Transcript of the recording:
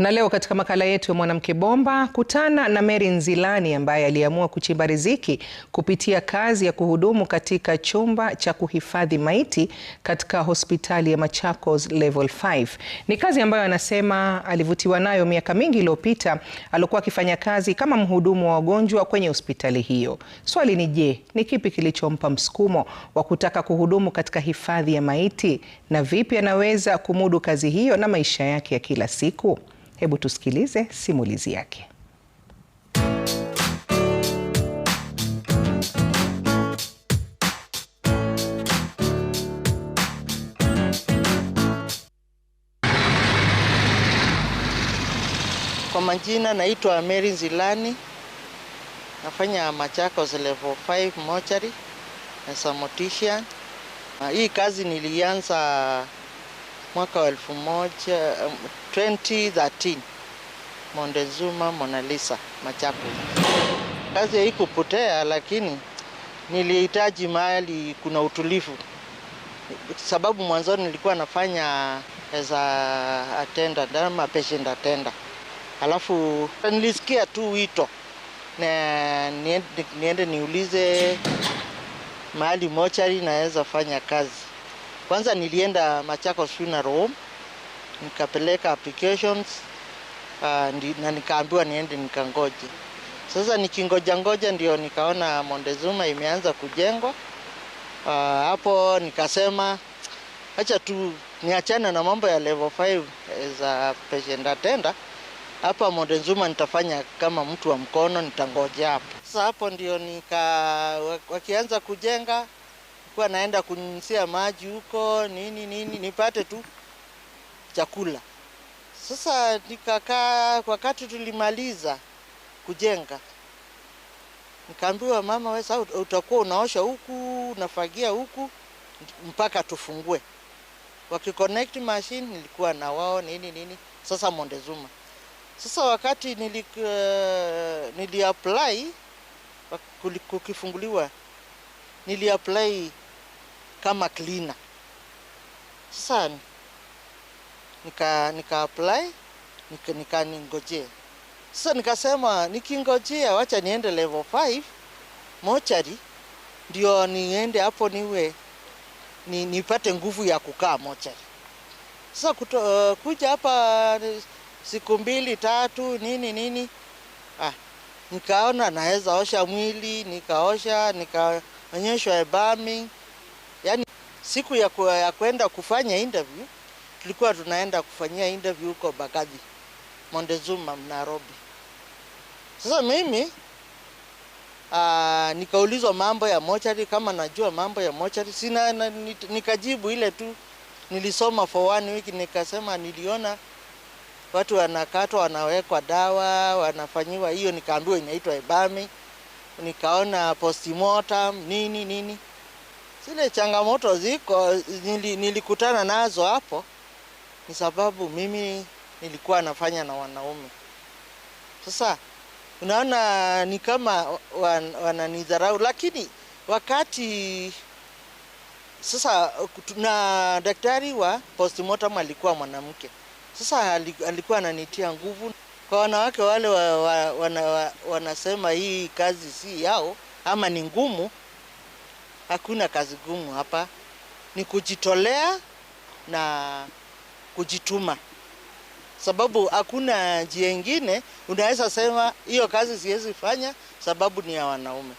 Na leo katika makala yetu ya Mwanamke Bomba, kutana na Mary Nzilani ambaye aliamua kuchimba riziki kupitia kazi ya kuhudumu katika chumba cha kuhifadhi maiti katika hospitali ya Machakos Level 5. Ni kazi ambayo anasema alivutiwa nayo miaka mingi iliyopita alikuwa akifanya kazi kama mhudumu wa wagonjwa kwenye hospitali hiyo. Swali ni je, ni kipi kilichompa msukumo wa kutaka kuhudumu katika hifadhi ya maiti na vipi anaweza kumudu kazi hiyo na maisha yake ya kila siku? Hebu tusikilize simulizi yake. Kwa majina naitwa Mary zilani nafanya Machakos level 5 mochari na samotisha. Hii kazi nilianza mwaka wa elfu moja 2013 um, Montezuma Lisa Machakos. Kazi haikupotea, lakini nilihitaji mahali kuna utulivu, sababu mwanzoni nilikuwa nafanya as a attendant ama patient attendant, alafu nilisikia tu wito na niende niulize mahali mochari naweza fanya kazi. Kwanza nilienda Machakos Funeral Home nikapeleka applications uh, na nikaambiwa niende nikangoje. Sasa nikingoja ngoja ndio nikaona Mondezuma imeanza kujengwa. Uh, hapo nikasema acha tu niachane na mambo ya level 5 eh, a patient attendant hapa Mondezuma nitafanya kama mtu wa mkono, nitangoja hapo. Sasa hapo ndio nika wakianza kujenga kuwa naenda kunyunyizia maji huko nini nini, nipate tu chakula. Sasa nikakaa, wakati tulimaliza kujenga, nikaambiwa mama, wewe sasa utakuwa unaosha huku unafagia huku mpaka tufungue. Wakiconnect machine nilikuwa na wao nini nini, sasa Montezuma. Sasa wakati nili, uh, eh, nili apply kukifunguliwa nili apply kama cleaner. Sasa nika nika apply nika, nika ningojea. Sasa nikasema nikingojea, wacha niende level 5 mochari, ndio niende hapo niwe ni, nipate nguvu ya kukaa mochari. Sasa kuto, uh, kuja hapa siku mbili tatu nini nini, ah, nikaona naweza osha mwili, nikaosha nikaonyeshwa embalming Yaani siku ya, ku, ya kuenda kufanya interview tulikuwa tunaenda kufanyia interview huko Mbagathi Montezuma, Nairobi. Sasa mimi aa, ah, nikaulizwa mambo ya mochari kama najua mambo ya mochari sina na, nikajibu ile tu nilisoma for one week, nikasema niliona watu wanakatwa, wanawekwa dawa, wanafanyiwa hiyo, nikaambiwa inaitwa ebami, nikaona postmortem nini nini Zile changamoto ziko nili, nilikutana nazo hapo, ni sababu mimi nilikuwa nafanya na wanaume. Sasa unaona ni kama wan, wananidharau, lakini wakati sasa na daktari wa postmortem alikuwa mwanamke, sasa alikuwa ananitia nguvu. Kwa wanawake wale wa, wa, wa, wa, wanasema hii kazi si yao ama ni ngumu, Hakuna kazi gumu hapa, ni kujitolea na kujituma, sababu hakuna njia ingine unaweza sema hiyo kazi siwezi fanya sababu ni ya wanaume.